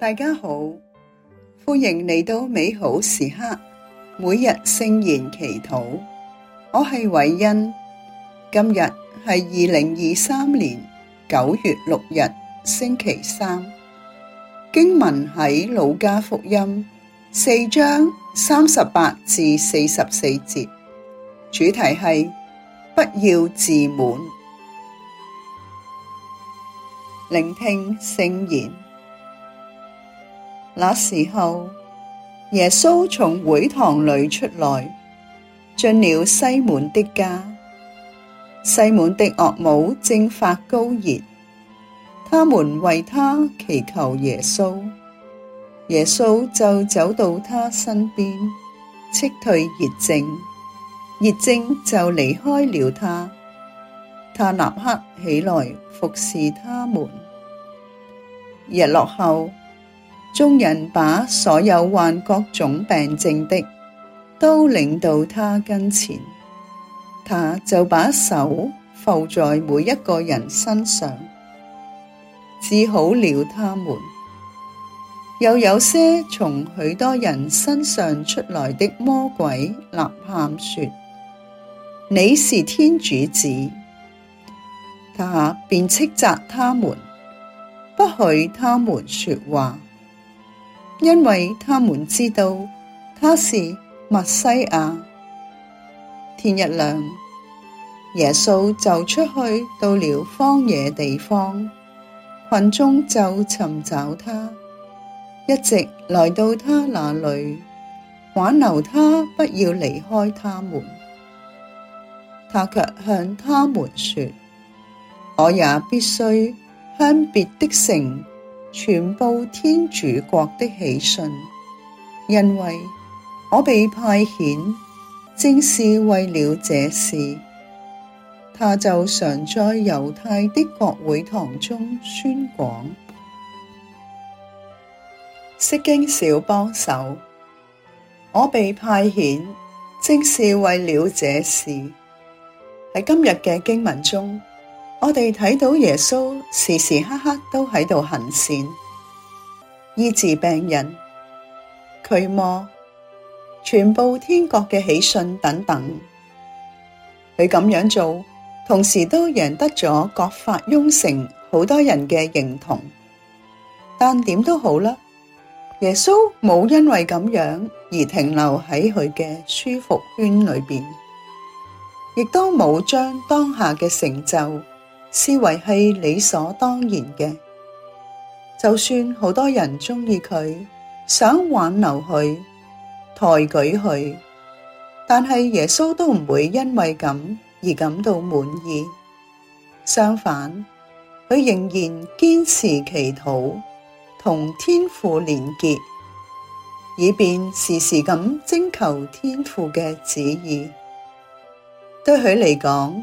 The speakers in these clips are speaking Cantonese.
大家好，歡迎嚟到美好時刻，每日聖言祈禱。我係韋恩，今日係二零二三年九月六日星期三，經文喺《路加福音》四章三十八至四十四節，主題係不要自滿，聆聽聖言。那時候，耶穌從會堂裡出來，進了西滿的家。西滿的岳母正發高熱，他們為他祈求耶穌，耶穌就走到他身邊，斥退熱症，熱症就離開了他。他立刻起來服侍他們。日落後，眾人把所有患各種病症的都領到他跟前，他就把手覆在每一個人身上，治好了他們。又有些從許多人身上出來的魔鬼吶喊說：你是天主子。他便斥責他們，不許他們說話。因為他們知道他是默西亞。天一亮，耶穌就出去到了荒野地方，群眾就尋找他，一直來到他那裏，挽留他不要離開他們，他却向他們說：我也必須向別的城傳報天主國的喜訊，因為我被派遣，正是為了這事。他就常在猶太的各會堂中宣講，釋經小幫手。我被派遣，正是為了這事。喺今日嘅經文中。我哋睇到耶穌時時刻刻都喺度行善、醫治病人、驅魔，傳報天國嘅喜訊等等。佢咁樣做，同時都贏得咗葛法翁城好多人嘅認同。但點都好啦，耶穌冇因為咁樣而停留喺佢嘅舒服圈裏邊，亦都冇將當下嘅成就。視為係理所當然嘅，就算好多人鍾意佢，想挽留佢，抬舉佢，但係耶穌都唔會因為咁而感到滿意。相反，佢仍然堅持祈禱，同天父連結，以便時時咁徵求天父嘅旨意。對佢嚟講。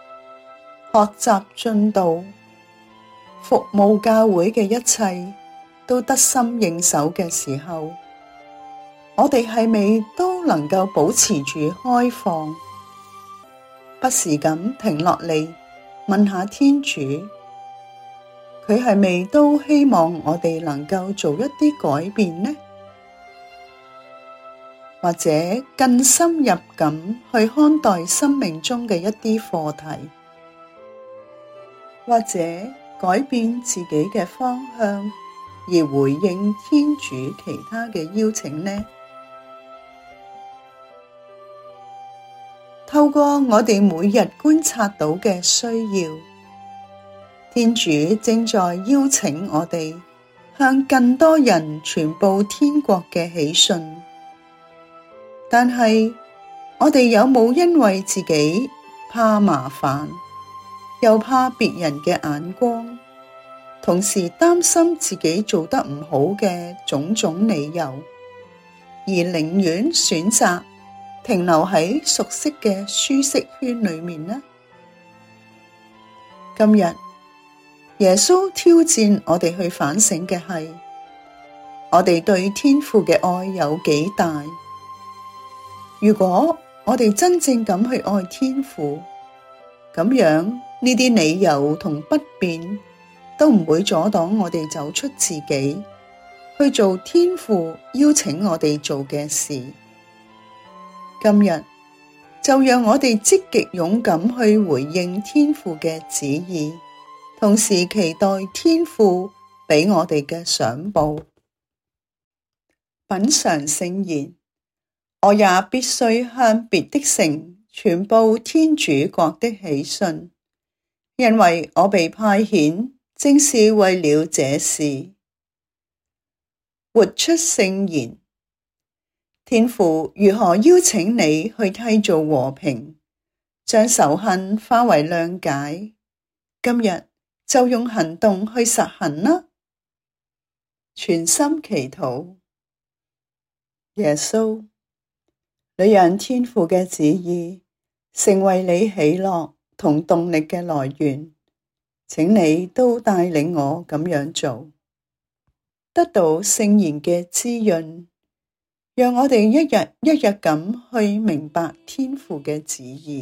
學習進度、服務教會嘅一切都得心應手嘅時候，我哋係咪都能夠保持住開放，不時咁停落嚟問下天主，佢係咪都希望我哋能夠做一啲改變呢？或者更深入咁去看待生命中嘅一啲課題。或者改變自己嘅方向而回應天主其他嘅邀請呢？透過我哋每日觀察到嘅需要，天主正在邀請我哋向更多人傳報天國嘅喜訊。但係我哋有冇因為自己怕麻煩？又怕別人嘅眼光，同時擔心自己做得唔好嘅種種理由，而寧願選擇停留喺熟悉嘅舒適圈裏面呢？今日耶穌挑戰我哋去反省嘅係我哋對天父嘅愛有幾大？如果我哋真正咁去愛天父，咁樣，呢啲理由同不便都唔會阻擋我哋走出自己，去做天父邀請我哋做嘅事。今日就讓我哋積極勇敢去回應天父嘅旨意，同時期待天父畀我哋嘅賞報。品嘗聖言，我也必須向別的城傳報天主國的喜訊。因為我被派遣，正是為了這事。活出聖言。天父如何邀請你去締造和平，將仇恨化為諒解？今日就用行動去實行啦！全心祈禱，耶穌，你讓天父嘅旨意成為你喜樂。同動力嘅來源，請你都帶領我咁樣做，得到聖言嘅滋潤，讓我哋一日一日咁去明白天父嘅旨意。